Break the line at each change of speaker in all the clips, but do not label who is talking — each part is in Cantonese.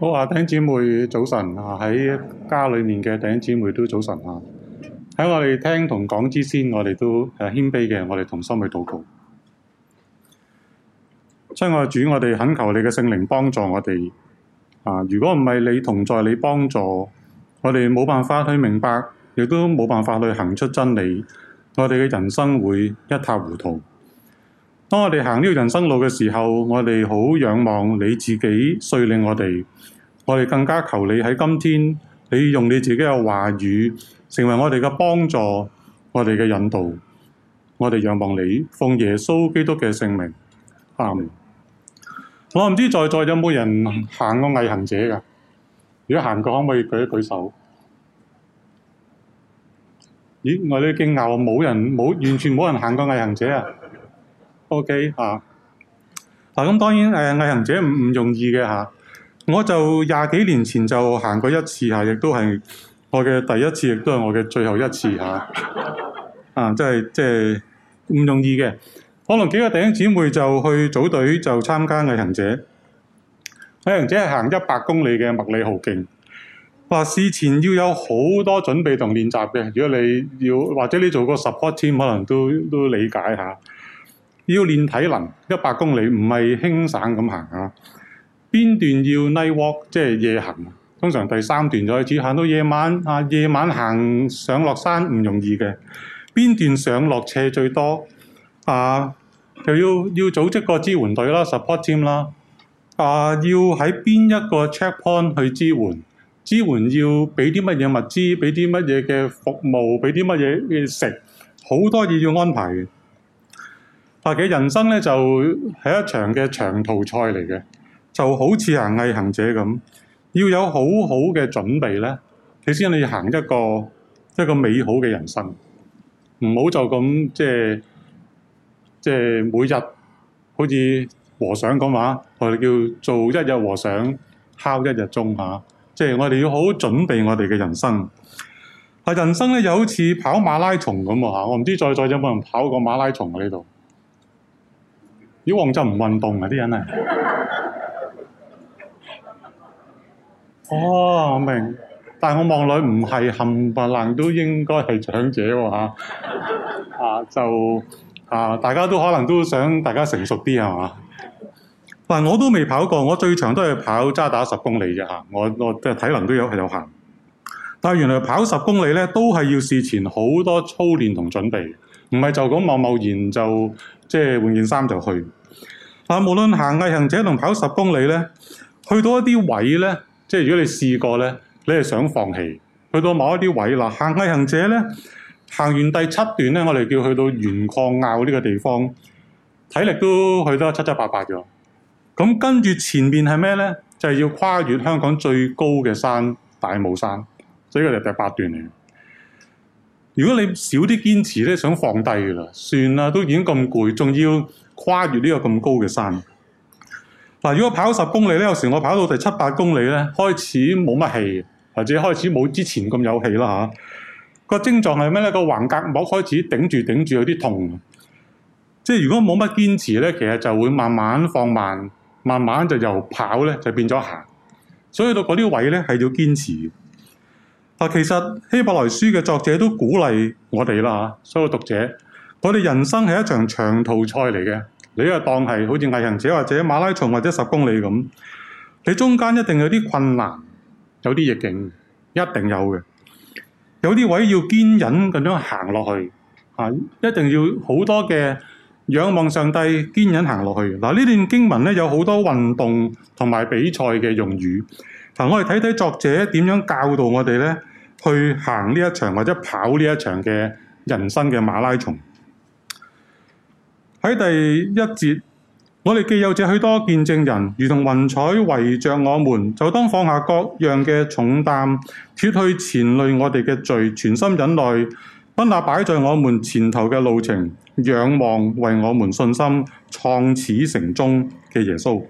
好啊，弟兄姊妹早晨啊！喺家裏面嘅弟兄姊妹都早晨啊！喺我哋聽同講之先，我哋都誒謙卑嘅，我哋同心去禱告。親愛的主，我哋懇求你嘅聖靈幫助我哋啊！如果唔係你同在，你幫助我哋冇辦法去明白，亦都冇辦法去行出真理，我哋嘅人生會一塌糊塗。當我哋行呢條人生路嘅時候，我哋好仰望你自己，率領我哋，我哋更加求你喺今天，你用你自己嘅話語成為我哋嘅幫助，我哋嘅引導，我哋仰望你，奉耶穌基督嘅聖名、嗯，我唔知在座有冇人行過毅行者噶？如果行過，可唔可以舉一舉手？咦，我哋驚訝冇人冇完全冇人行過毅行者啊！O、okay, K 啊，嗱咁當然誒，毅、呃、行者唔唔容易嘅嚇、啊。我就廿幾年前就行過一次嚇，亦、啊、都係我嘅第一次，亦都係我嘅最後一次嚇。啊，嗯、即係即係唔容易嘅。可能幾個弟兄姊妹就去組隊就參加毅行者。毅行者係行一百公里嘅麥理浩徑。話、啊、事前要有好多準備同練習嘅。如果你要或者你做個 support team，可能都都理解下。要練體能，一百公里唔係輕省咁行啊！邊段要 night walk，即係夜行。通常第三段就開始行到夜晚，啊夜晚行上落山唔容易嘅。邊段上落斜最多啊？又要要組織個支援隊啦，support team 啦。啊，要喺邊一個 checkpoint 去支援？支援要俾啲乜嘢物資？俾啲乜嘢嘅服務？俾啲乜嘢嘅食？好多嘢要安排。佢嘅人生咧就係、是、一場嘅長途賽嚟嘅，就好似行毅行者咁，要有好好嘅準備咧，你先你要行一個一個美好嘅人生。唔好就咁即係即係每日好似和尚咁話，我、啊、哋叫做一日和尚敲一日鐘吓、啊，即係我哋要好好準備我哋嘅人生。啊，人生咧又好似跑馬拉松咁啊吓，我唔知再再有冇人跑過馬拉松啊呢度。以往、啊、就唔運動啊！啲人啊，哦，我明，但我望嚟唔係冚唪唥，都應該係長者喎、啊、嚇，啊就啊，大家都可能都想大家成熟啲係嘛？但、啊、我都未跑過，我最長都係跑渣打十公里啫，我我都體能都有係有限。但原來跑十公里呢都係要事前好多操練同準備。唔係就咁貿貿然就即係換件衫就去。但、啊、無論行毅行者同跑十公里咧，去到一啲位咧，即係如果你試過咧，你係想放棄。去到某一啲位嗱，行毅行者咧，行完第七段咧，我哋叫去到鉛礦坳呢個地方，體力都去得七七八八咗。咁跟住前面係咩咧？就係、是、要跨越香港最高嘅山大帽山，所以佢就係第八段嚟。如果你少啲堅持咧，想放低啦，算啦，都已經咁攰，仲要跨越呢個咁高嘅山。嗱，如果跑十公里咧，有時我跑到第七八公里咧，開始冇乜氣，或者開始冇之前咁有氣啦嚇。個症狀係咩咧？個橫膈膜開始頂住頂住有啲痛。即係如果冇乜堅持咧，其實就會慢慢放慢，慢慢就由跑咧就變咗行。所以到嗰啲位咧係要堅持。其實希伯來書嘅作者都鼓勵我哋啦，吓所有讀者，我哋人生係一場長途賽嚟嘅，你啊當係好似毅行者或者馬拉松或者十公里咁，你中間一定有啲困難，有啲逆境，一定有嘅，有啲位要堅忍咁樣行落去，啊，一定要好多嘅仰望上帝堅忍行落去。嗱、啊、呢段經文咧有好多運動同埋比賽嘅用語，嗱我哋睇睇作者點樣教導我哋咧。去行呢一場或者跑呢一場嘅人生嘅馬拉松。喺第一節，我哋既有這許多見證人，如同雲彩圍着我們，就當放下各樣嘅重擔，脱去纏累我哋嘅罪，存心忍耐，奔那擺在我們前頭嘅路程，仰望為我們信心創始成終嘅耶穌。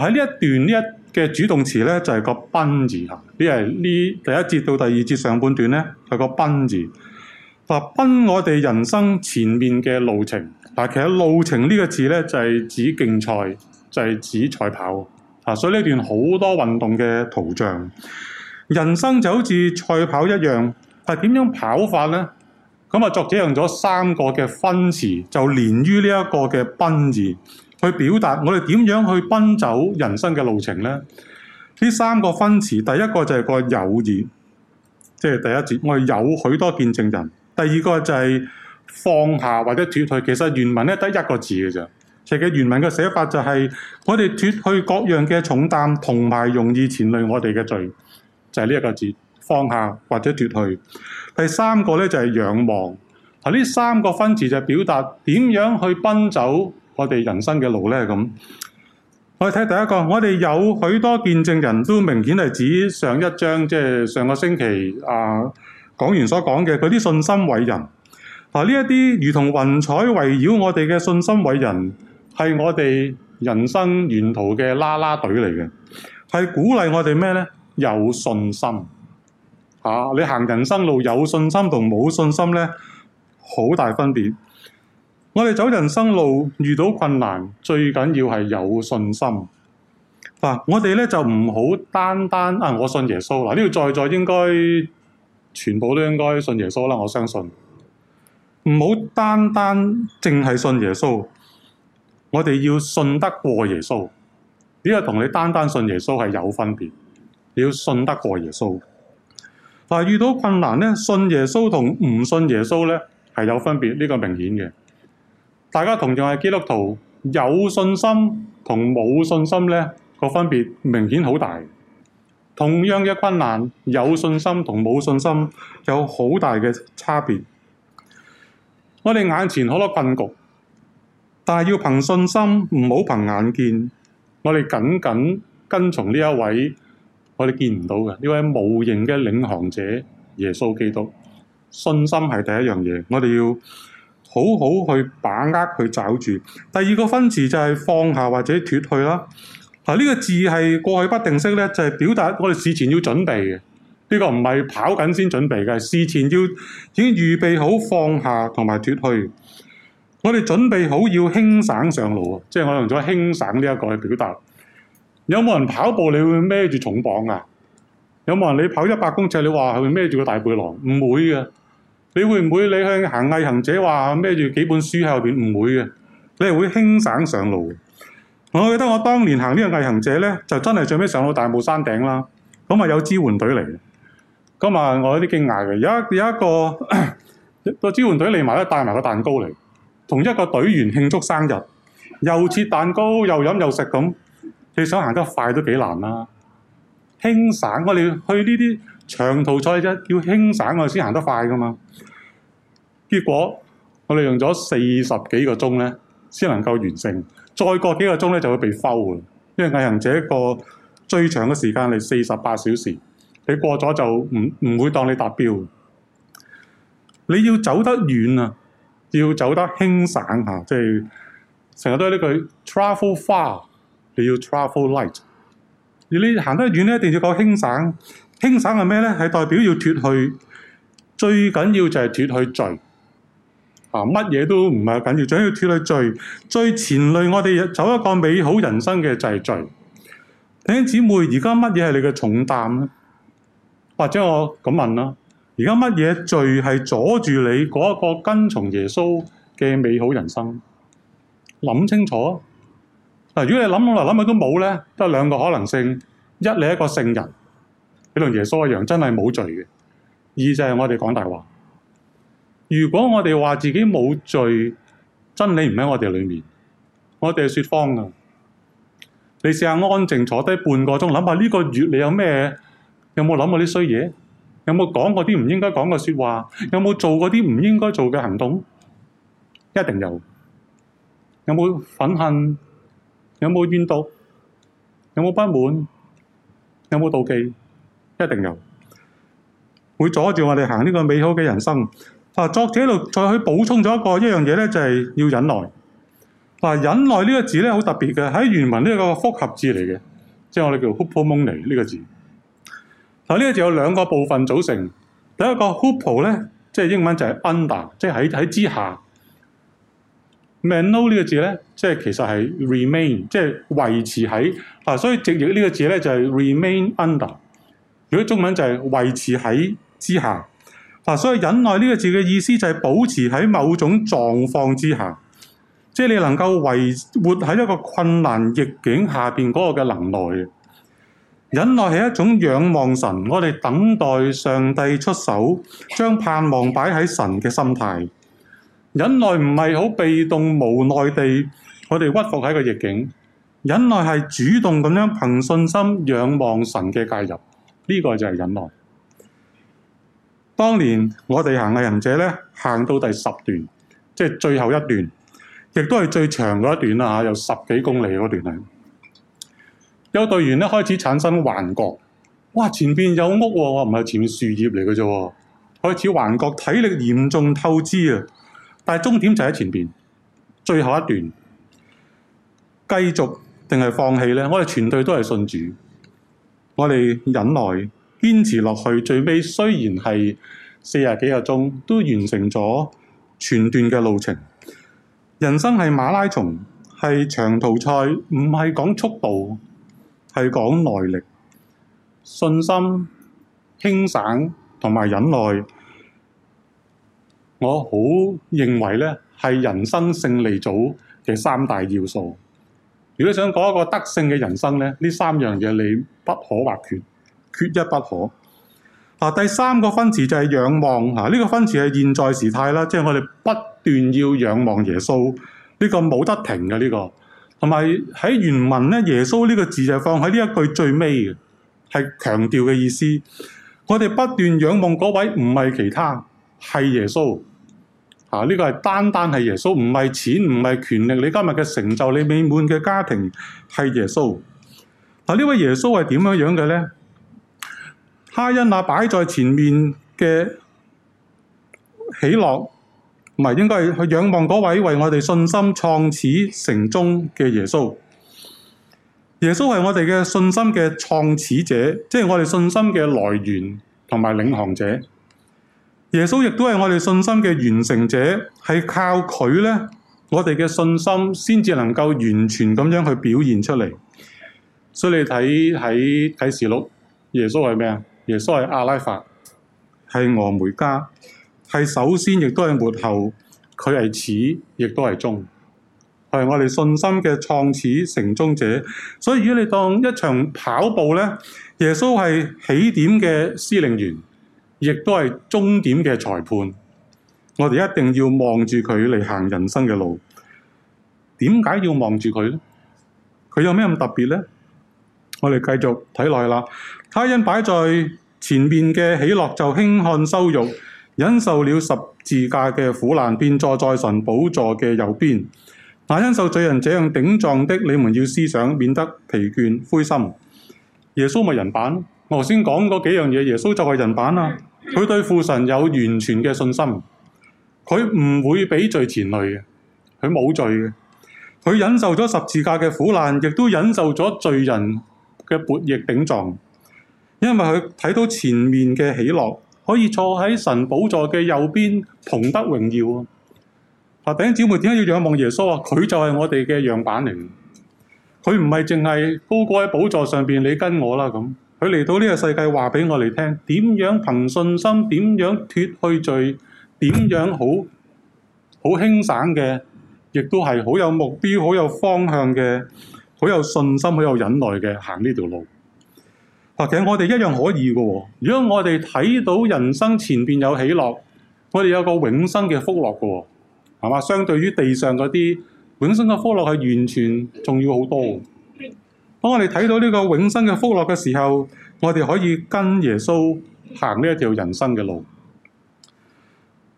喺呢一段呢一嘅主動詞咧，就係個奔字啊！即係呢第一節到第二節上半段咧，係個奔字。奔我哋人生前面嘅路程，但係其實路程呢個字咧，就係指競賽，就係指賽跑啊！所以呢段好多運動嘅圖像，人生就好似賽跑一樣，係點樣跑法咧？咁啊，作者用咗三個嘅分詞，就連於呢一個嘅奔字。去表達我哋點樣去奔走人生嘅路程呢？呢三個分詞，第一個就係個友意，即係第一節。我哋有許多見證人。第二個就係放下或者脫去。其實原文咧得一個字嘅啫。其實原文嘅寫法就係我哋脫去各樣嘅重擔，同埋容易纏累我哋嘅罪，就係呢一個字放下或者脫去。第三個咧就係仰望。嗱，呢三個分詞就係表達點樣去奔走。我哋人生嘅路咧咁，我哋睇第一個，我哋有許多見證人，都明顯係指上一章，即係上個星期啊講員所講嘅，佢啲信心偉人，嗱呢一啲如同雲彩圍繞我哋嘅信心偉人，係我哋人生沿途嘅啦啦隊嚟嘅，係鼓勵我哋咩咧？有信心啊！你行人生路有信心同冇信心咧，好大分別。我哋走人生路遇到困難，最緊要係有信心嗱、啊。我哋咧就唔好單單啊，我信耶穌嗱。呢、啊、個在座應該全部都應該信耶穌啦。我相信唔好單單淨係信耶穌，我哋要信得過耶穌呢個同你單單信耶穌係有分別。你要信得過耶穌嗱、啊。遇到困難咧，信耶穌同唔信耶穌咧係有分別，呢個明顯嘅。大家同樣係基督徒，有信心同冇信心呢個分別明顯好大。同樣嘅困難，有信心同冇信心有好大嘅差別。我哋眼前好多困局，但係要憑信心，唔好憑眼見。我哋緊緊跟從呢一位我哋見唔到嘅呢位無形嘅領航者耶穌基督。信心係第一樣嘢，我哋要。好好去把握去抓住。第二個分詞就係放下或者脫去啦。嗱、啊，呢、這個字係過去不定式呢就係、是、表達我哋事前要準備嘅。呢、這個唔係跑緊先準備嘅，事前要已經預備好放下同埋脫去。我哋準備好要輕省上路啊！即係我用咗輕省呢一個去表達。有冇人跑步？你會孭住重磅啊？有冇人你跑一百公尺？你話係會孭住個大背囊？唔會嘅。你會唔會你向行毅行者話孭住幾本書喺後邊？唔會嘅，你係會輕省上路。我記得我當年行呢個毅行者咧，就真係最尾上到大帽山頂啦。咁啊有支援隊嚟，咁啊我有啲驚訝嘅。有有一個個 支援隊嚟埋咧，帶埋個蛋糕嚟，同一個隊員慶祝生日，又切蛋糕又飲又食咁，你想行得快都幾難啦。輕省我哋去呢啲，長途賽啫，要輕省我哋先行得快㗎嘛。結果我哋用咗四十幾個鐘咧，先能夠完成。再過幾個鐘咧就會被封收，因為毅行者一個最長嘅時間係四十八小時，你過咗就唔唔會當你達標。你要走得遠啊，要走得輕省嚇、啊，即係成日都係呢句 travel far，你要 travel light。而你行得遠咧，一定要夠輕省。輕省係咩呢？係代表要脫去最緊要就係脫去罪啊！乜嘢都唔係緊要，最緊要脫去罪。最前累我哋走一個美好人生嘅就係罪。弟兄姊妹，而家乜嘢係你嘅重擔咧？或者我咁問啦，而家乜嘢罪係阻住你嗰一個跟從耶穌嘅美好人生？諗清楚啊，啊！如果你諗落嚟諗下都冇呢，都係兩個可能性：一你一個聖人。俾輪耶穌一樣，真係冇罪嘅。二就係我哋講大話。如果我哋話自己冇罪，真理唔喺我哋裏面，我哋係說謊噶。你試下安靜坐低半個鐘，諗下呢個月你有咩？有冇諗過啲衰嘢？有冇講過啲唔應該講嘅說話？有冇做過啲唔應該做嘅行動？一定有。有冇憤恨？有冇怨毒？有冇不滿？有冇妒忌？一定有，會阻住我哋行呢個美好嘅人生。嗱、啊，作者喺度再去補充咗一個一樣嘢咧，就係、是、要忍耐。嗱、啊，忍耐呢個字咧好特別嘅，喺原文呢個複合字嚟嘅，即係我哋叫 h o p e o 蒙尼呢個字。嗱、啊，呢、這個字有兩個部分組成。第一個 o p o 咧，即係英文就係 under，即係喺喺之下。mano 呢個字咧，即係其實係 remain，即係維持喺。嗱、啊，所以直譯呢個字咧就係、是、remain under。如果中文就係、是、維持喺之下嗱、啊，所以忍耐呢、這個字嘅意思就係保持喺某種狀況之下，即、就、係、是、你能夠維活喺一個困難逆境下面嗰個嘅能耐。忍耐係一種仰望神，我哋等待上帝出手，將盼望擺喺神嘅心態。忍耐唔係好被動無奈地，我哋屈服喺一個逆境。忍耐係主動咁樣憑信心仰望神嘅介入。呢個就係忍耐。當年我哋行嘅行者咧，行到第十段，即係最後一段，亦都係最長嗰一段啦、啊、有十幾公里嗰段係。有隊員咧，開始產生幻覺，哇！前面有屋喎、哦，唔係前面樹葉嚟嘅啫，開始幻覺，體力嚴重透支啊！但係終點就喺前面。最後一段，繼續定係放棄呢？我哋全隊都係信主。我哋忍耐、堅持落去，最尾雖然係四十幾個鐘，都完成咗全段嘅路程。人生係馬拉松，係長途賽，唔係講速度，係講耐力、信心、輕省同埋忍耐。我好認為呢係人生勝利組嘅三大要素。如果想講一個得勝嘅人生呢，呢三樣嘢你不可或缺，缺一不可。嗱、啊，第三個分詞就係仰望，嚇、啊、呢、這個分詞係現在時態啦，即、就、係、是、我哋不斷要仰望耶穌，呢、這個冇得停嘅呢、這個。同埋喺原文呢，耶穌呢個字就放喺呢一句最尾嘅，係強調嘅意思。我哋不斷仰望嗰位，唔係其他，係耶穌。啊！呢、這個係單單係耶穌，唔係錢，唔係權力。你今日嘅成就，你美滿嘅家庭，係耶穌。啊！呢位耶穌係點樣樣嘅咧？哈恩啊，擺在前面嘅喜樂，唔係應該係去仰望嗰位為我哋信心創始成終嘅耶穌。耶穌係我哋嘅信心嘅創始者，即係我哋信心嘅來源同埋領航者。耶穌亦都係我哋信心嘅完成者，係靠佢咧，我哋嘅信心先至能夠完全咁樣去表現出嚟。所以你睇喺啟示錄，耶穌係咩啊？耶穌係阿拉法，係俄梅加，係首先亦都係末後，佢係始亦都係終，係我哋信心嘅創始成終者。所以如果你當一場跑步咧，耶穌係起點嘅司令員。亦都係終點嘅裁判，我哋一定要望住佢嚟，行人生嘅路。點解要望住佢呢？佢有咩咁特別呢？我哋繼續睇落去啦。他因擺在前面嘅喜樂就輕看羞辱，忍受了十字架嘅苦難，便坐在神寶座嘅右邊。那忍受罪人這樣頂撞的，你們要思想，免得疲倦灰心。耶穌咪人版？我先講嗰幾樣嘢，耶穌就係人版啦。佢對父神有完全嘅信心，佢唔會畀罪纏累嘅，佢冇罪嘅。佢忍受咗十字架嘅苦難，亦都忍受咗罪人嘅叛逆頂撞，因為佢睇到前面嘅喜樂，可以坐喺神寶座嘅右邊同得榮耀啊！啊，弟姊妹點解要仰望耶穌啊？佢就係我哋嘅樣板嚟，佢唔係淨係高高喺寶座上邊，你跟我啦咁。佢嚟到呢個世界話畀我哋聽，點樣憑信心，點樣脫去罪，點樣好好輕省嘅，亦都係好有目標、好有方向嘅，好有信心、好有忍耐嘅行呢條路。或者我哋一樣可以嘅。如果我哋睇到人生前邊有起落，我哋有個永生嘅福樂嘅，係嘛？相對於地上嗰啲永生嘅福樂係完全重要好多。當我哋睇到呢個永生嘅福樂嘅時候，我哋可以跟耶穌行呢一條人生嘅路。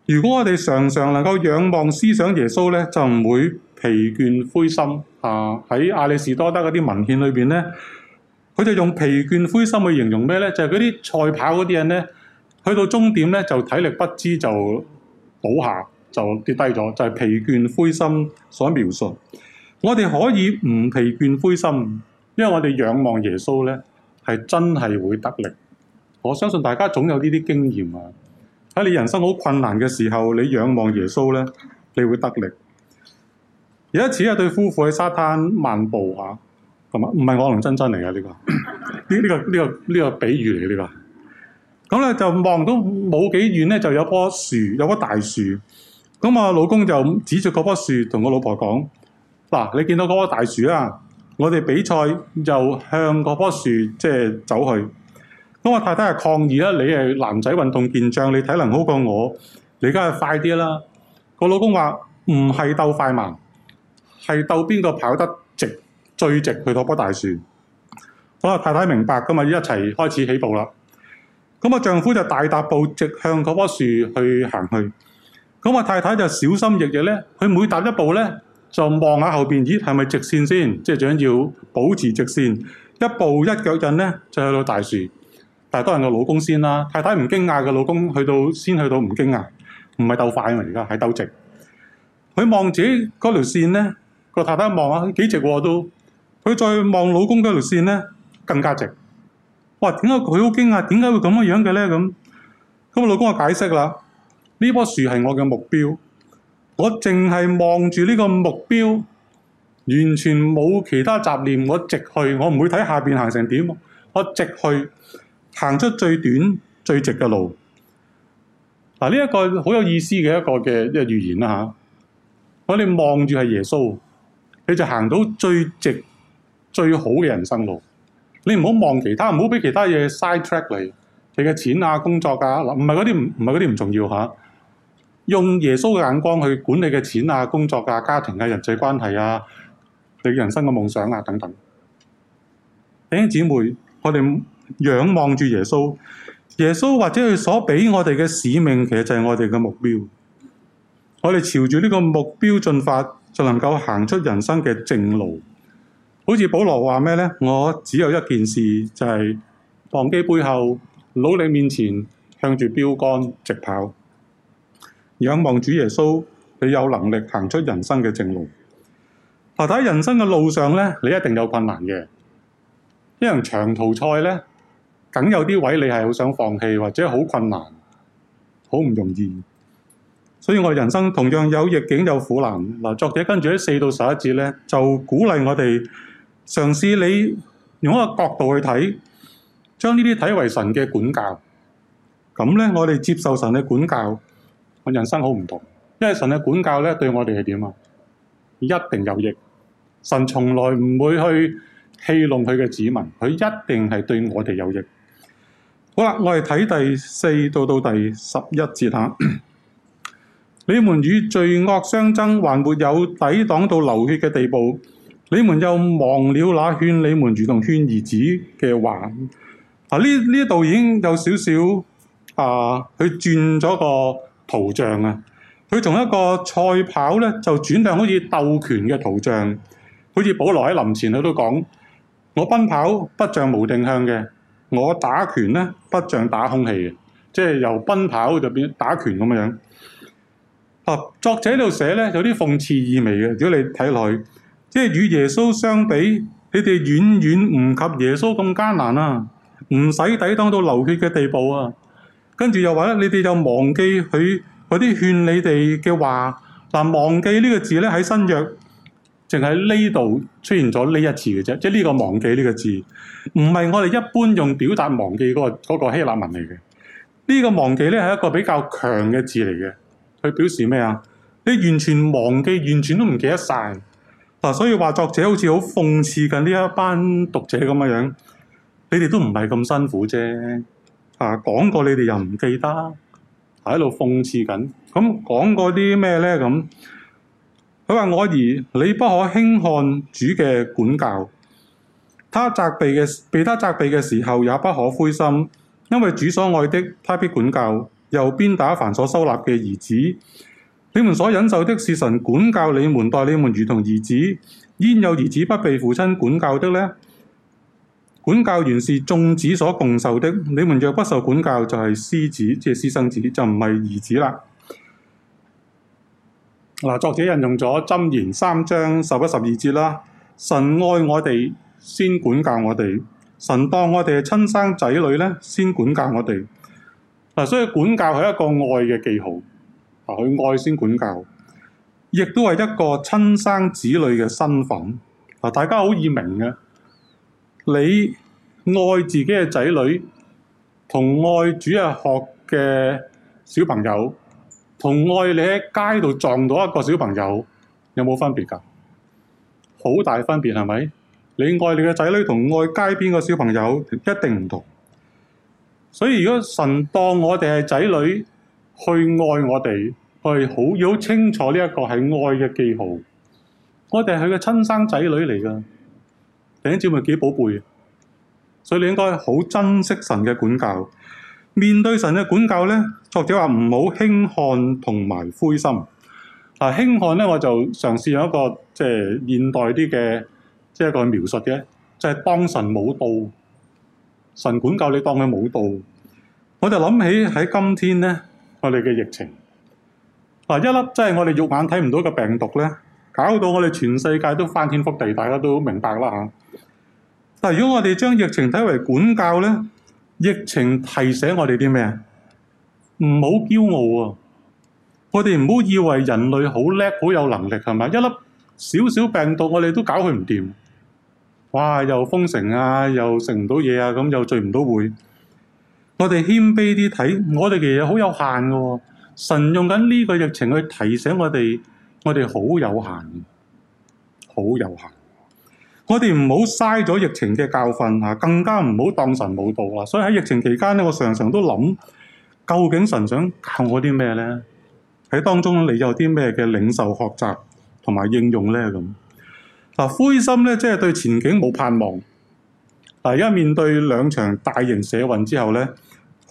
如果我哋常常能夠仰望思想耶穌呢，就唔會疲倦灰心啊！喺亞里士多德嗰啲文獻裏邊呢，佢就用疲倦灰心去形容咩呢？就係嗰啲賽跑嗰啲人呢，去到終點呢，就體力不支就倒下就跌低咗，就係疲倦灰心所描述。我哋可以唔疲倦灰心。因為我哋仰望耶穌咧，係真係會得力。我相信大家總有呢啲經驗啊！喺你人生好困難嘅時候，你仰望耶穌咧，你會得力。有一次，一對夫婦喺沙灘漫步啊，同埋唔係我同珍珍嚟㗎呢個，呢、呢個、呢個呢、呢個呢個比喻嚟嘅呢個。咁咧就望到冇幾遠咧，就有棵樹，有棵大樹。咁啊，老公就指住嗰棵樹同個老婆講：嗱、啊，你見到嗰棵大樹啊？我哋比賽又向嗰棵樹即係、就是、走去。咁我太太係抗議啦，你係男仔運動健將，你體能好過我，你梗係快啲啦。個老公話唔係鬥快慢，係鬥邊個跑得直最直去嗰棵大樹。好啦，太太明白，今日一齊開始起步啦。咁啊，丈夫就大踏步直向嗰棵樹去行去。咁我太太就小心翼翼咧，佢每踏一步咧。就望下後邊，咦，係咪直線先？即係最緊要保持直線，一步一腳印咧，就去到大樹。大多係個老公先啦，太太唔驚訝嘅老公去到先去到唔驚訝，唔係鬥快啊嘛，而家係鬥直。佢望自己嗰條線咧，個太太望下幾直喎都。佢再望老公嗰條線咧，更加直。哇！點解佢好驚訝？點解會咁樣嘅咧？咁咁，我老公就解釋啦：呢樖樹係我嘅目標。我淨係望住呢個目標，完全冇其他雜念，我直去，我唔會睇下邊行成點，我直去行出最短最直嘅路。嗱、啊，呢、這、一個好有意思嘅一個嘅一個預言啦吓。我、啊、哋望住係耶穌，你就行到最直最好嘅人生路。你唔好望其他，唔好俾其他嘢 side track 嚟。你嘅錢啊，工作噶、啊，唔係嗰啲唔係啲唔重要吓。啊用耶穌嘅眼光去管理嘅錢啊、工作啊、家庭啊、人際關係啊、你人生嘅夢想啊等等，弟兄姊妹，我哋仰望住耶穌，耶穌或者佢所俾我哋嘅使命，其實就係我哋嘅目標。我哋朝住呢個目標進發，就能夠行出人生嘅正路。好似保羅話咩呢？我只有一件事，就係忘記背後，努力面前，向住標竿直跑。仰望主耶穌，你有能力行出人生嘅正路。嗱，喺人生嘅路上咧，你一定有困難嘅，因為長途賽咧，梗有啲位你係好想放棄，或者好困難，好唔容易。所以我哋人生同樣有逆境，有苦難。嗱，作者跟住喺四到十一節咧，就鼓勵我哋嘗試你用一個角度去睇，將呢啲睇為神嘅管教。咁咧，我哋接受神嘅管教。人生好唔同，因為神嘅管教咧，對我哋係點啊？一定有益。神從來唔會去戲弄佢嘅子民，佢一定係對我哋有益。好啦，我哋睇第四到到第十一節吓， 你們與罪惡相爭，還沒有抵擋到流血嘅地步，你們又忘了那勸你們如同勸兒子嘅話。啊，呢呢度已經有少少啊，佢轉咗個。圖像啊，佢從一個賽跑咧，就轉向好似鬥拳嘅圖像，好似保羅喺臨前喺度講：我奔跑不像無定向嘅，我打拳咧不像打空氣嘅，即係由奔跑就變成打拳咁樣。啊，作者喺度寫咧有啲諷刺意味嘅，如果你睇落去，即係與耶穌相比，你哋遠遠唔及耶穌咁艱難啊，唔使抵擋到流血嘅地步啊。跟住又話咧，你哋就忘記佢嗰啲勸你哋嘅話。嗱、啊，忘記呢個字咧喺新約，淨喺呢度出現咗呢一次嘅啫。即係呢個忘記呢個字，唔係我哋一般用表達忘記嗰個希臘文嚟嘅。呢個忘記咧係一個比較強嘅字嚟嘅，佢表示咩啊？你完全忘記，完全都唔記得晒。嗱、啊，所以話作者好似好諷刺緊呢一班讀者咁嘅樣。你哋都唔係咁辛苦啫。啊，講過你哋又唔記得，喺、啊、度諷刺緊。咁、啊、講過啲咩呢？咁佢話：我兒，你不可輕看主嘅管教。他責備嘅，被他責備嘅時候，也不可灰心，因為主所愛的，他必管教；又鞭打凡所收納嘅兒子。你們所忍受的是神管教你們，待你們如同兒子。焉有兒子不被父親管教的呢？管教原是眾子所共受的，你們若不受管教，就係、是、私子，即、就、係、是、私生子，就唔係兒子啦。嗱，作者引用咗箴言三章十一十二節啦，神愛我哋，先管教我哋；神當我哋係親生仔女咧，先管教我哋。嗱，所以管教係一個愛嘅記號，啊，佢愛先管教，亦都係一個親生子女嘅身份。嗱，大家好易明嘅。你愛自己嘅仔女，同愛主日學嘅小朋友，同愛你喺街度撞到一個小朋友，有冇分別噶？好大分別係咪？你愛你嘅仔女同愛街邊嘅小朋友一定唔同。所以如果神當我哋係仔女，去愛我哋，去好好清楚呢一個係愛嘅記號。我哋係佢嘅親生仔女嚟噶。餅紙咪幾寶貝，所以你應該好珍惜神嘅管教。面對神嘅管教咧，作者話唔好輕看同埋灰心。啊，輕看咧，我就嘗試一個即係現代啲嘅，即係一個描述嘅，就係當神冇道，神管教你當佢冇道。我就諗起喺今天咧，我哋嘅疫情，啊一粒即係我哋肉眼睇唔到嘅病毒咧。搞到我哋全世界都翻天覆地，大家都明白啦吓。但如果我哋將疫情睇為管教呢，疫情提醒我哋啲咩？唔好驕傲啊、哦！我哋唔好以為人類好叻、好有能力係咪？一粒小小病毒，我哋都搞佢唔掂。哇！又封城啊，又食唔到嘢啊，咁又聚唔到會。我哋謙卑啲睇，我哋其實好有限噶。神用緊呢個疫情去提醒我哋。我哋好有限，好有限。我哋唔好嘥咗疫情嘅教訓啊，更加唔好當神冇道啊。所以喺疫情期間咧，我常常都諗，究竟神想教我啲咩咧？喺當中你有啲咩嘅領受、學習同埋應用咧咁？嗱，灰心咧，即係對前景冇盼望。嗱，而家面對兩場大型社運之後咧，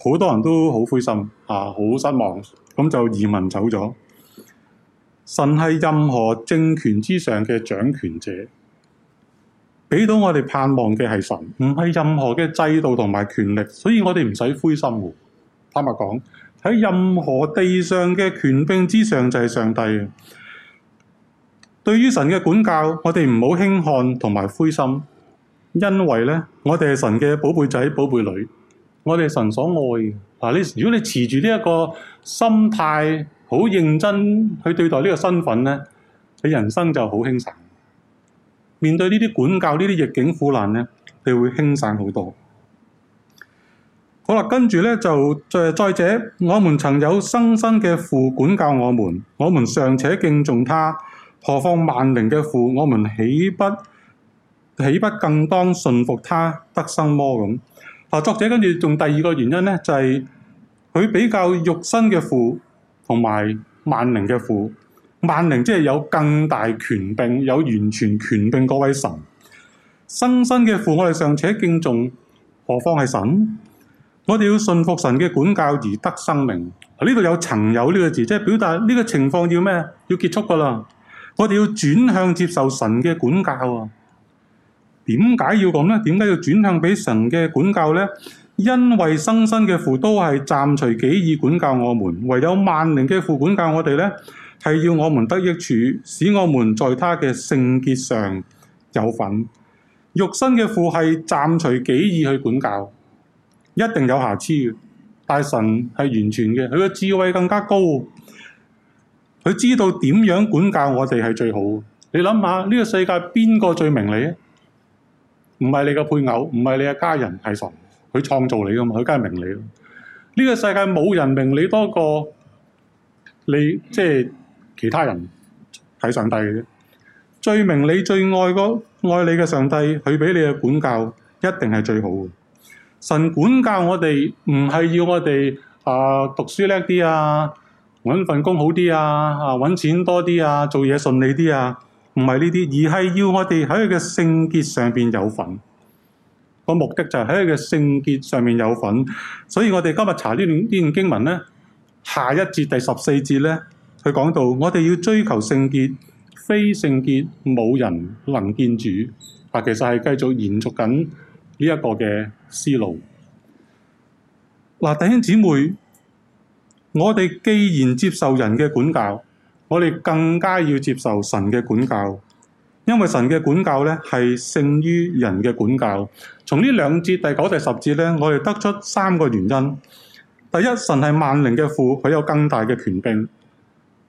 好多人都好灰心啊，好失望，咁就移民走咗。神係任何政權之上嘅掌權者，俾到我哋盼望嘅係神，唔係任何嘅制度同埋權力，所以我哋唔使灰心。坦白講，喺任何地上嘅權柄之上就係上帝。對於神嘅管教，我哋唔好輕看同埋灰心，因為呢，我哋係神嘅寶貝仔、寶貝女，我哋神所愛。嗱，你如果你持住呢一個心態。好認真去對待呢個身份呢，你人生就好輕省。面對呢啲管教，呢啲逆境苦難呢，你會輕省好多。好啦，跟住呢，就再者，我們曾有生身嘅父管教我們，我們尚且敬重他，何況萬靈嘅父？我們豈不豈不更當信服他？得生嗎用？嗱，作者跟住仲第二個原因呢，就係、是、佢比較肉身嘅父。同埋萬靈嘅父，萬靈即係有更大權柄、有完全權柄嗰位神。新生嘅父，我哋尚且敬重，何況係神？我哋要信服神嘅管教而得生命。呢度有曾有呢、這個字，即係表達呢個情況要咩？要結束噶啦！我哋要轉向接受神嘅管教。啊。點解要咁呢？點解要轉向俾神嘅管教呢？因為生身嘅父都係暫隨己意管教我們，唯有萬靈嘅父管教我哋呢係要我們得益處，使我們在他嘅聖潔上有份。肉身嘅父係暫隨己意去管教，一定有瑕疵嘅。但神係完全嘅，佢嘅智慧更加高，佢知道點樣管教我哋係最好。你諗下呢個世界邊個最明你？唔係你嘅配偶，唔係你嘅家人，係神。佢創造你噶嘛？佢梗係明你。呢個世界冇人明你多過你，即係其他人係上帝嘅啫。最明你、最愛個愛你嘅上帝，佢俾你嘅管教一定係最好嘅。神管教我哋，唔係要我哋啊、呃、讀書叻啲啊，揾份工好啲啊，啊揾錢多啲啊，做嘢順利啲啊，唔係呢啲，而係要我哋喺佢嘅聖潔上邊有份。個目的就係喺佢嘅聖潔上面有份，所以我哋今日查呢段呢段經文咧，下一節第十四節咧，佢講到我哋要追求聖潔，非聖潔冇人能見主。嗱、啊,其實係繼續延續緊呢一個嘅思路。嗱、啊，弟兄姊妹，我哋既然接受人嘅管教，我哋更加要接受神嘅管教。因為神嘅管教咧係勝於人嘅管教。從呢兩節第九、第十節咧，我哋得出三個原因：第一，神係萬靈嘅父，佢有更大嘅權柄；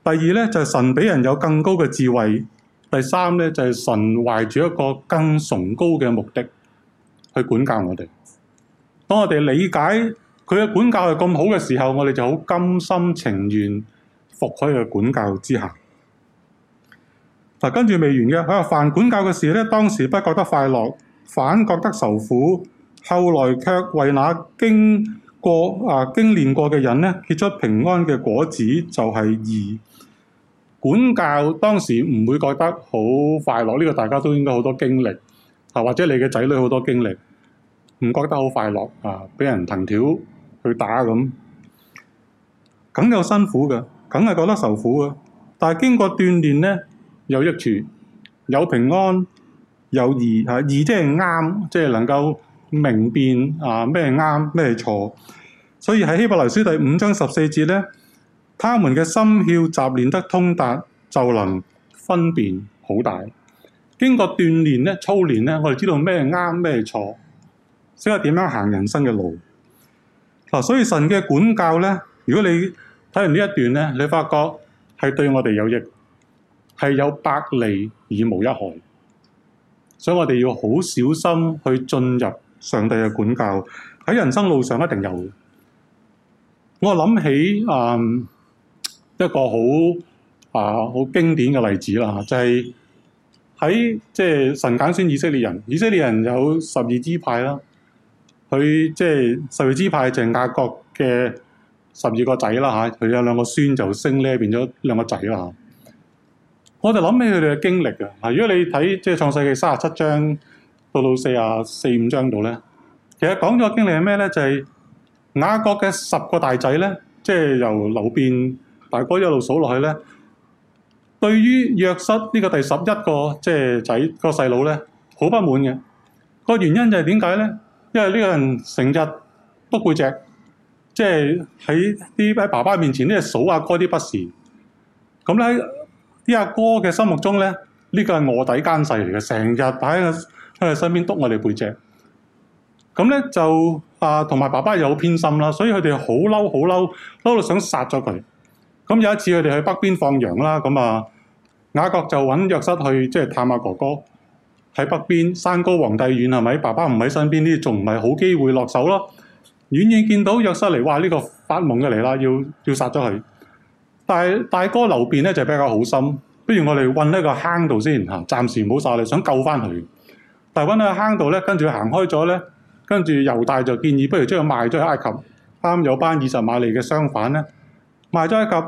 第二咧就係、是、神俾人有更高嘅智慧；第三咧就係、是、神懷住一個更崇高嘅目的去管教我哋。當我哋理解佢嘅管教係咁好嘅時候，我哋就好甘心情願服佢嘅管教之下。跟住未完嘅，佢話，凡管教嘅事呢，當時不覺得快樂，反覺得受苦，後來卻為那經過啊經練過嘅人呢，結出平安嘅果子就，就係義，管教。當時唔會覺得好快樂，呢、這個大家都應該好多經歷，啊，或者你嘅仔女好多經歷，唔覺得好快樂啊，俾人藤條去打咁，梗有辛苦嘅，梗係覺得受苦嘅，但係經過鍛鍊呢。有益處，有平安，有義吓，義即係啱，即係能夠明辨啊咩啱咩錯。所以喺希伯來書第五章十四節咧，他們嘅心竅習練得通達，就能分辨好大。經過鍛鍊咧，操練咧，我哋知道咩啱咩錯，先係點樣行人生嘅路。嗱，所以神嘅管教咧，如果你睇完呢一段咧，你發覺係對我哋有益。係有百利而無一害，所以我哋要好小心去進入上帝嘅管教，喺人生路上一定有。我諗起啊、嗯、一個好啊好經典嘅例子啦，就係喺即係神揀選以色列人，以色列人有十二支派啦。佢即係十二支派鄭雅各嘅十二個仔啦嚇，佢有兩個孫就升呢，變咗兩個仔啦我就諗起佢哋嘅經歷啊。係如果你睇即係創世記三十七章到到四啊四五章度咧，其實講咗個經歷係咩咧？就係、是、雅各嘅十個大仔咧，即係由流便大哥一路數落去咧，對於約瑟呢個第十一個即係仔、個細佬咧，好不滿嘅。個原因就係點解咧？因為呢個人成日篤背脊，即係喺啲喺爸爸面前咧數下哥啲不是，咁咧。啲阿哥嘅心目中咧，呢、這個係臥底奸細嚟嘅，成日擺喺佢身邊篤我哋背脊。咁咧就啊，同埋爸爸又好偏心啦，所以佢哋好嬲，好嬲，嬲到想殺咗佢。咁有一次佢哋去北邊放羊啦，咁啊雅各就揾約瑟去即係探阿哥哥喺北邊，山高皇帝遠係咪？爸爸唔喺身邊啲，仲唔係好機會落手咯。遠遠見到約瑟嚟，哇！呢、這個發夢嘅嚟啦，要要殺咗佢。但係大哥留變咧就比較好心，不如我哋運呢個坑度先嚇，暫時冇晒，你想救翻佢。但係運喺個坑度咧，跟住行開咗咧，跟住猶大就建議，不如將佢賣咗去埃及。啱有班以實瑪利嘅商販咧，賣咗埃及，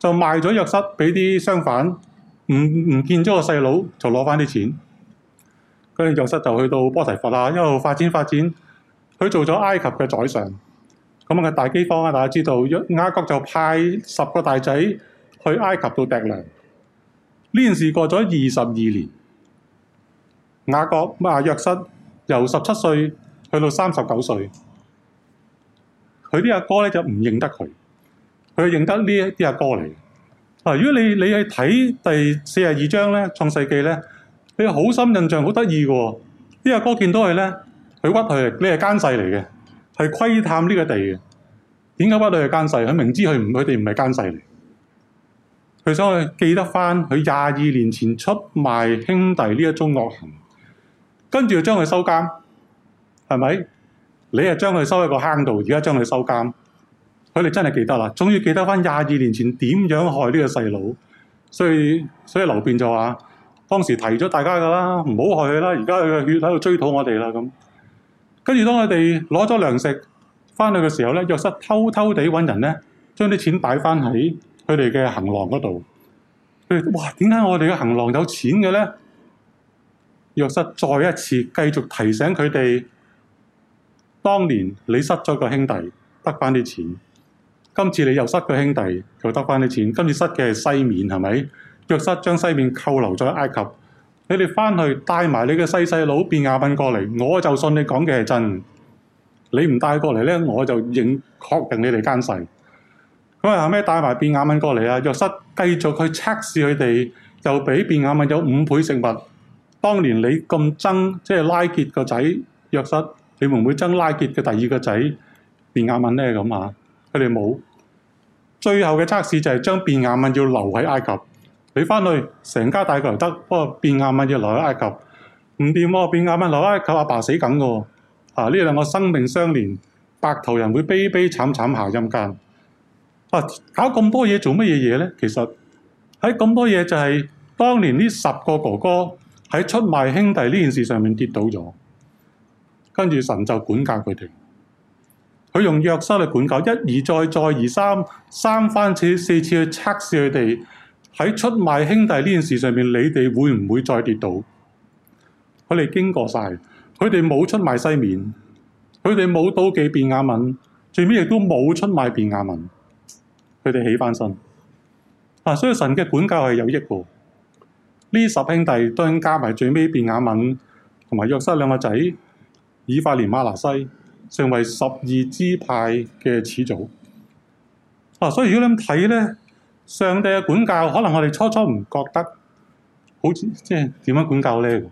就賣咗約瑟俾啲商販，唔唔見咗個細佬，就攞翻啲錢。跟住約瑟就去到波提乏啦，一路發展發展，佢做咗埃及嘅宰相。咁啊個大饑荒啊，大家知道，雅各就派十個大仔去埃及度糴糧。呢件事過咗二十二年，雅各嘛，約瑟由十七歲去到三十九歲，佢啲阿哥咧就唔認得佢，佢認得呢一啲阿哥嚟。嗱，如果你你去睇第四十二章咧，《創世記》咧，你好深印象，好得意嘅。呢阿哥見到佢咧，佢屈佢，你係奸細嚟嘅。係窺探呢個地嘅，點解不對係奸細？佢明知佢唔，佢哋唔係奸細嚟。佢想去記得翻佢廿二年前出賣兄弟呢一宗惡行，跟住將佢收監，係咪？你係將佢收喺個坑度，而家將佢收監。佢哋真係記得啦，終於記得翻廿二年前點樣害呢個細佬。所以所以流便就話：當時提咗大家噶啦，唔好害佢啦。而家佢嘅血喺度追討我哋啦咁。跟住當佢哋攞咗糧食翻去嘅時候咧，約瑟偷偷地揾人咧，將啲錢擺翻喺佢哋嘅行囊嗰度。佢哋話：哇，點解我哋嘅行囊有錢嘅咧？約瑟再一次繼續提醒佢哋：當年你失咗個兄弟，得翻啲錢；今次你又失個兄弟，又得翻啲錢。今次失嘅係西面，係咪？約瑟將西面扣留咗喺埃及。你哋返去帶埋你嘅細細佬便雅憫過嚟，我就信你講嘅係真。你唔帶過嚟咧，我就認確認你哋奸細。咁啊，後尾帶埋便雅憫過嚟啊，約瑟繼續去測試佢哋，又俾便雅憫有五倍食物。當年你咁憎，即係拉結個仔，約瑟，你會唔會憎拉結嘅第二個仔便雅憫咧？咁啊，佢哋冇。最後嘅測試就係將便雅憫要留喺埃及。你翻去成家大求得，不過便雅憫要留喺埃及唔掂喎，便雅憫留喺埃及阿爸，爸死梗噶，啊呢兩個生命相連，白頭人會悲悲慘慘，慘，慘下陰間。啊搞咁多嘢做乜嘢嘢咧？其實喺咁多嘢就係、是、當年呢十個哥哥喺出賣兄弟呢件事上面跌倒咗，跟住神就管教佢哋，佢用約瑟嚟管教一而再再而三三番次四次去測試佢哋。喺出賣兄弟呢件事上面，你哋會唔會再跌倒？佢哋經過晒，佢哋冇出賣西緬，佢哋冇妒忌便雅憫，最尾亦都冇出賣便雅憫，佢哋起翻身。嗱、啊，所以神嘅管教係有益嘅。呢十兄弟當然加埋最尾便雅憫同埋約瑟兩個仔以法蓮、馬拿西，成為十二支派嘅始祖。嗱、啊，所以如果你睇咧。上帝嘅管教，可能我哋初初唔覺得，好似即係點樣管教呢？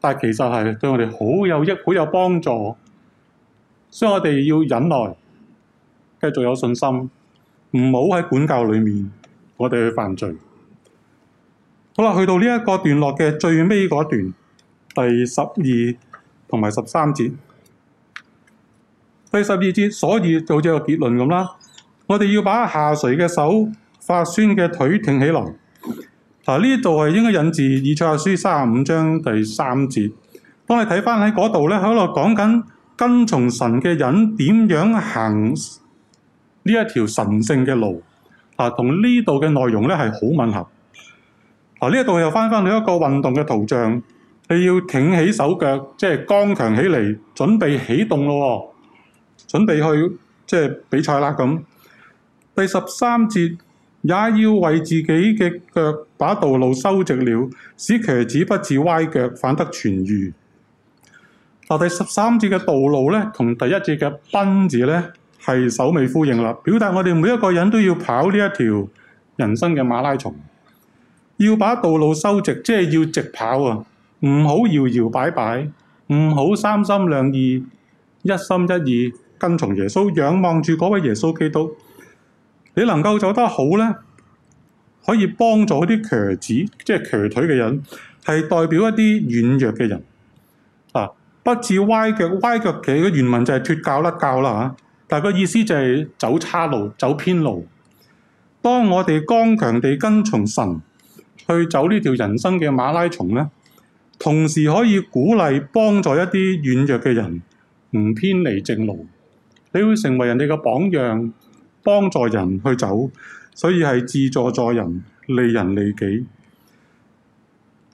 但係其實係對我哋好有益、好有幫助，所以我哋要忍耐，繼續有信心，唔好喺管教裏面，我哋去犯罪。好啦，去到呢一個段落嘅最尾嗰段，第十二同埋十三節，第十二節，所以就好似個結論咁啦。我哋要把下垂嘅手、發酸嘅腿挺起來。嗱、啊，呢度係應該引自《以賽亞書》三十五章第三節。幫你睇翻喺嗰度咧，喺度講緊跟從神嘅人點樣行呢一條神聖嘅路。嗱、啊，同呢度嘅內容咧係好吻合。嗱、啊，呢一度又翻翻到一個運動嘅圖像，你要挺起手腳，即係剛強起嚟，準備起動咯、哦，準備去即係、就是、比賽啦咁。第十三節也要為自己嘅腳把道路修直了，使瘸子不至歪腳，反得痊愈。嗱，第十三節嘅道路呢，同第一節嘅奔字呢，係首尾呼應啦。表達我哋每一個人都要跑呢一條人生嘅馬拉松，要把道路修直，即係要直跑啊，唔好搖搖擺擺，唔好三心兩意，一心一意跟從耶穌，仰望住嗰位耶穌基督。你能夠走得好呢，可以幫助啲瘸子，即係瘸腿嘅人，係代表一啲軟弱嘅人啊！不至歪腳，歪腳嘅原文就係脫臼甩臼啦嚇、啊，但係個意思就係走岔路、走偏路。當我哋剛強地跟從神去走呢條人生嘅馬拉松呢，同時可以鼓勵幫助一啲軟弱嘅人唔偏離正路，你會成為人哋嘅榜樣。幫助人去走，所以係自助助人，利人利己。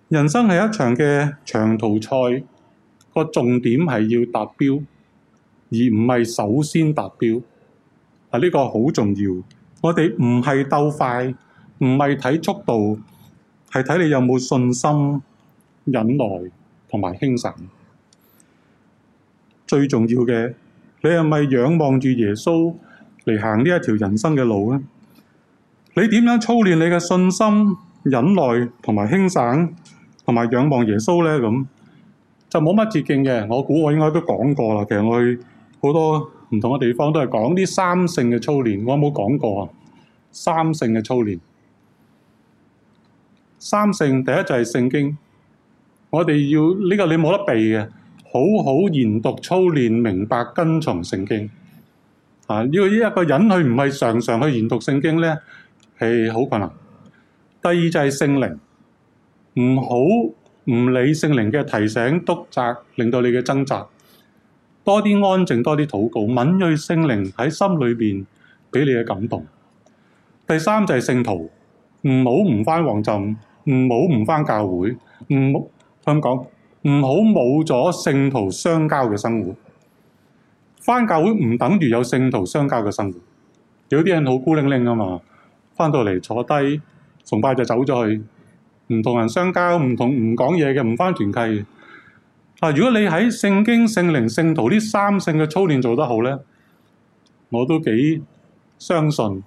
人生係一場嘅長途賽，個重點係要達標，而唔係首先達標。啊，呢個好重要。我哋唔係鬥快，唔係睇速度，係睇你有冇信心、忍耐同埋精神。最重要嘅，你係咪仰望住耶穌？嚟行呢一條人生嘅路咧，你點樣操練你嘅信心、忍耐同埋輕省，同埋仰望耶穌呢？咁，就冇乜捷徑嘅。我估我應該都講過啦。其實我去好多唔同嘅地方都係講啲三性嘅操練，我有冇講過啊？三性嘅操練，三性第一就係聖經。我哋要呢個你冇得避嘅，好好研讀操練，明白跟從聖經。啊！呢一個人佢唔係常常去研讀聖經咧，係好困難。第二就係聖靈，唔好唔理聖靈嘅提醒督責，令到你嘅掙扎。多啲安靜，多啲禱告，敏銳聖靈喺心裏邊俾你嘅感動。第三就係聖徒，唔好唔返旺浸，唔好唔返教會，唔香港，唔好冇咗聖徒相交嘅生活。翻教會唔等於有聖徒相交嘅生活，有啲人好孤零零啊嘛，翻到嚟坐低崇拜就走咗去，唔同人相交，唔同唔講嘢嘅，唔翻團契啊，如果你喺聖經、聖靈、聖徒呢三聖嘅操練做得好咧，我都幾相信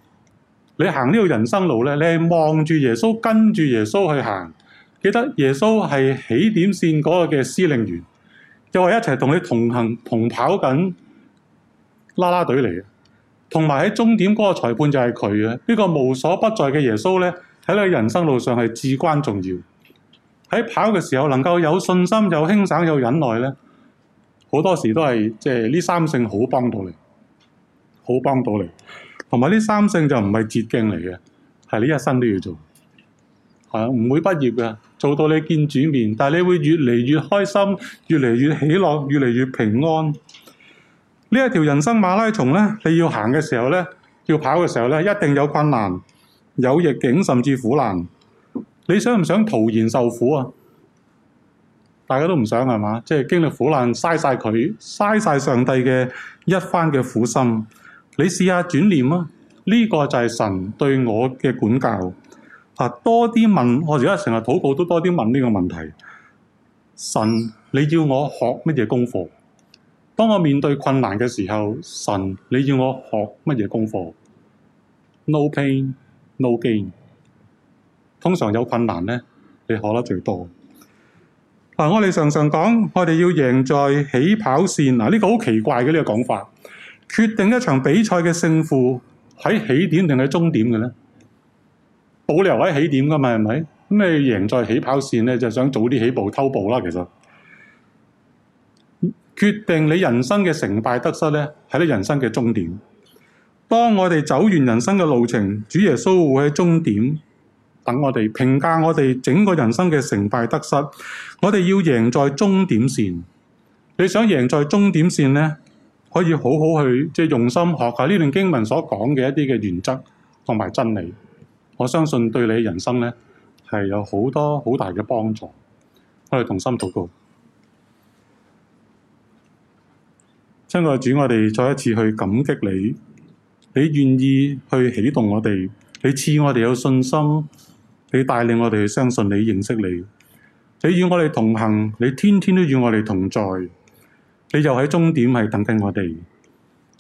你行呢個人生路咧，你係望住耶穌，跟住耶穌去行。記得耶穌係起點線嗰個嘅司令員，又係一齊同你同行同跑緊，啦啦隊嚟嘅，同埋喺終點嗰個裁判就係佢嘅。呢個無所不在嘅耶穌呢，喺你人生路上係至關重要。喺跑嘅時候能夠有信心、有輕省、有忍耐呢，好多時都係即係呢三性好幫到你，好幫到你。同埋呢三性就唔係捷徑嚟嘅，係你一生都要做，係唔會畢業嘅。做到你見主面，但係你會越嚟越開心，越嚟越喜樂，越嚟越平安。呢一條人生馬拉松咧，你要行嘅時候咧，要跑嘅時候咧，一定有困難、有逆境，甚至苦難。你想唔想徒然受苦啊？大家都唔想係嘛？即係經歷苦難，嘥晒佢，嘥晒上帝嘅一番嘅苦心。你試下轉念啊！呢個就係神對我嘅管教。啊，多啲問我而家成日禱告都多啲問呢個問題。神，你要我學乜嘢功課？當我面對困難嘅時候，神，你要我學乜嘢功課？No pain, no gain。通常有困難呢，你學得最多。嗱、啊，我哋常常講，我哋要贏在起跑線。嗱、啊，呢個好奇怪嘅呢個講法。決定一場比賽嘅勝負喺起點定係終點嘅咧？保留喺起點噶嘛？係咪？咁你贏在起跑線咧，就係想早啲起步偷步啦。其實。決定你人生嘅成敗得失呢，係你人生嘅終點。當我哋走完人生嘅路程，主耶穌會喺終點等我哋評價我哋整個人生嘅成敗得失。我哋要贏在終點線。你想贏在終點線呢，可以好好去即係用心學下呢段經文所講嘅一啲嘅原則同埋真理。我相信對你人生呢，係有好多好大嘅幫助。我哋同心禱告。親愛的主，我哋再一次去感激你，你願意去啟動我哋，你賜我哋有信心，你帶領我哋去相信你、認識你，你與我哋同行，你天天都與我哋同在，你就喺終點係等緊我哋。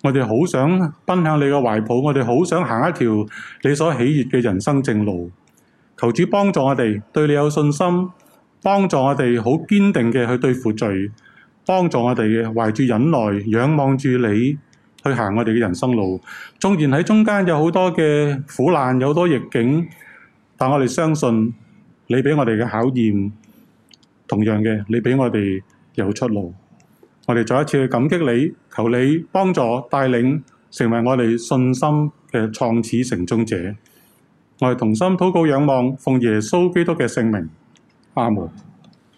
我哋好想奔向你嘅懷抱，我哋好想行一條你所喜悅嘅人生正路。求主幫助我哋，對你有信心，幫助我哋好堅定嘅去對付罪。幫助我哋嘅，懷住忍耐，仰望住你去行我哋嘅人生路。縱然喺中間有好多嘅苦難，有好多逆境，但我哋相信，你俾我哋嘅考驗同樣嘅，你俾我哋有出路。我哋再一次去感激你，求你幫助、帶領，成為我哋信心嘅創始成終者。我哋同心禱告仰望，奉耶穌基督嘅聖名，阿門。